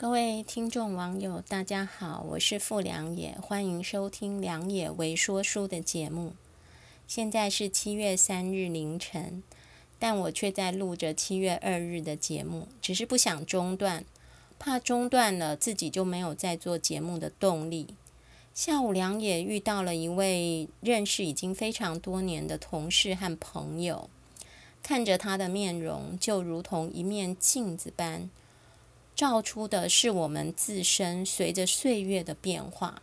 各位聽眾網友，大家好，我是傅良也，歡迎收聽《良也微說書》的節目。現在是七月三日凌晨，但我卻在錄着七月二日的節目，只是不想中斷，怕中斷了自己就沒有再做節目的動力。下午，良也遇到了一位認識已經非常多年的同事和朋友，看着他的面容，就如同一面鏡子般。照出的是我們自身隨着歲月的變化。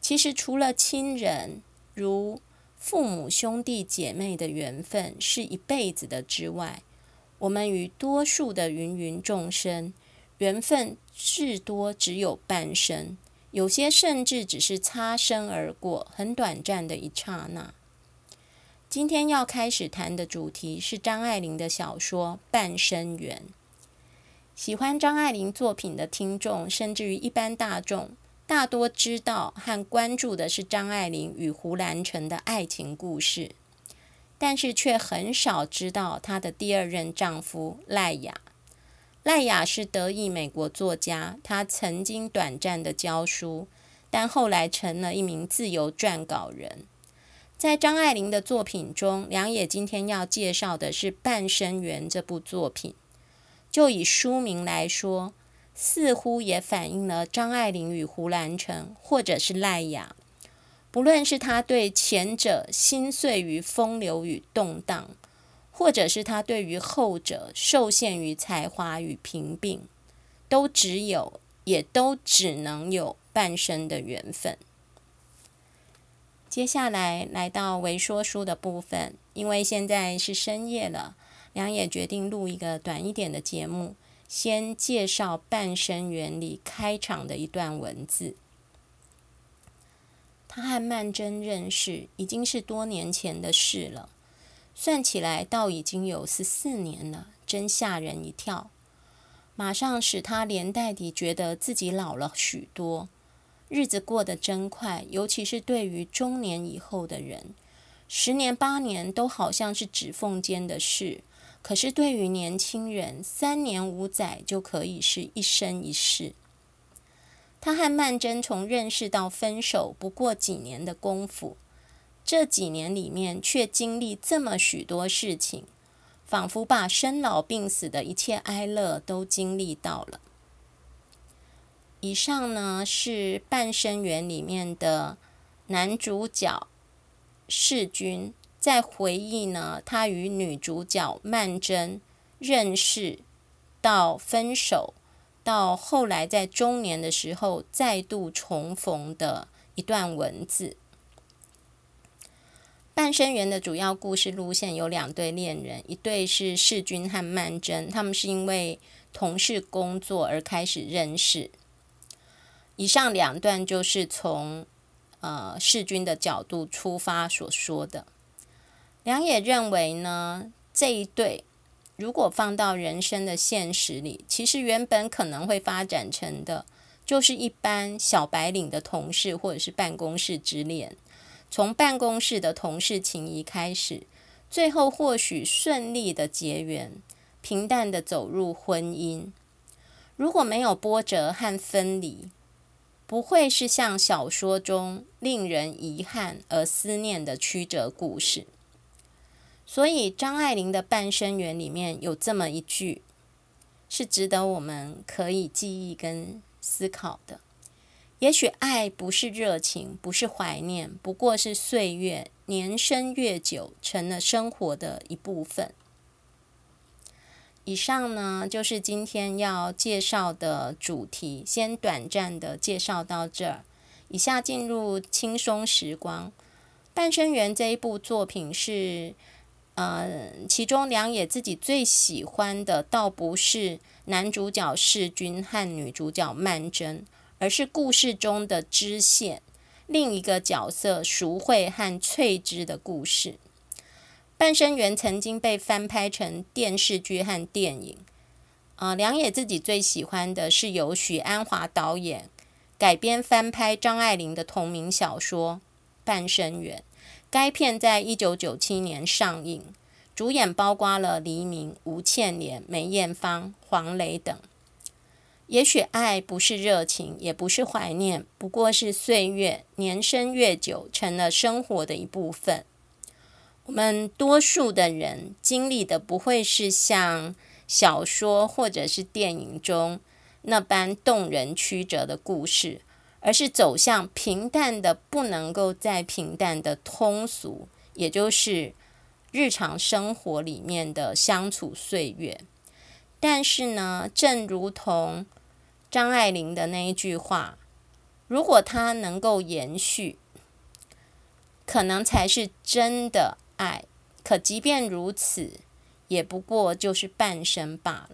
其實，除了親人如父母、兄弟姐妹的緣分是一輩子的之外，我們與多數的芸芸眾生緣分至多只有半生，有些甚至只是擦身而過，很短暫的一剎那。今天要開始談的主題是張愛玲的小說《半生緣》。喜歡張愛玲作品的聽眾，甚至於一般大眾，大多知道和關注的是張愛玲與胡蘭成的愛情故事，但是卻很少知道她的第二任丈夫賴雅。賴雅是德裔美國作家，他曾經短暫的教書，但後來成了一名自由撰稿人。在張愛玲的作品中，良也今天要介紹的是《半生緣》這部作品。就以書名來說，似乎也反映了張愛玲與胡蘭成，或者是賴雅。不論是他對前者心碎於風流與動盪，或者是他對於後者受限於才華與貧病，都只有，也都只能有半生的緣分。接下來來到微說書的部分，因為現在是深夜了。良也決定錄一個短一點的節目，先介紹半生緣裡開場的一段文字。他和曼楨認識已經是多年前的事了，算起來倒已經有十四年了，真嚇人一跳。馬上使他連帶地覺得自己老了許多，日子過得真快，尤其是對於中年以後的人，十年八年都好像是指縫間的事。可是，對於年輕人，三年五載就可以是一生一世。他和曼桢從認識到分手不過幾年的功夫，這幾年裡面卻經歷這麼許多事情，仿佛把生老病死的一切哀樂都經歷到了。以上呢是《半生緣》裡面的男主角世鈞。在回憶呢，他與女主角曼楨認識，到分手，到後來在中年的時候再度重逢的一段文字。《半生緣》的主要故事路線有兩對戀人，一對是世鈞和曼楨，他們是因為同事、工作而開始認識。以上兩段就是從，呃，世鈞的角度出發所說的。良也認為呢，這一對如果放到人生的現實裡，其實原本可能會發展成的，就是一般小白領的同事或者是辦公室之戀，從辦公室的同事情誼開始，最後或許順利的結緣，平淡的走入婚姻。如果沒有波折和分離，不會是像小說中令人遺憾而思念的曲折故事。所以張愛玲的《半生緣》裡面有這麼一句，是值得我們可以記憶跟思考的。也許愛不是熱情，不是懷念，不過是歲月，年深月久成了生活的一部分。以上呢，就是今天要介紹的主題，先短暫的介紹到這兒。以下進入輕鬆時光，《半生緣》這一部作品是。呃，其中良也自己最喜歡的倒不是男主角世鈞和女主角曼楨，而是故事中的支線，另一個角色叔惠和翠芝的故事。《半生緣》曾經被翻拍成電視劇和電影。呃，良也自己最喜歡的是由許鞍華導演改編翻拍張愛玲的同名小說。半生緣，該片在一九九七年上映，主演包括了黎明、吳倩蓮、梅艷芳、黃磊等。也許愛不是熱情，也不是懷念，不過是歲月，年深月久，成了生活的一部分。我們多數的人經歷的，不會是像小說或者是電影中那般動人曲折的故事。而是走向平淡的，不能夠再平淡的通俗，也就是日常生活裡面的相處歲月。但是呢，正如同張愛玲的那一句話：“如果他能夠延續，可能才是真的愛。可即便如此，也不過就是半生罷了。”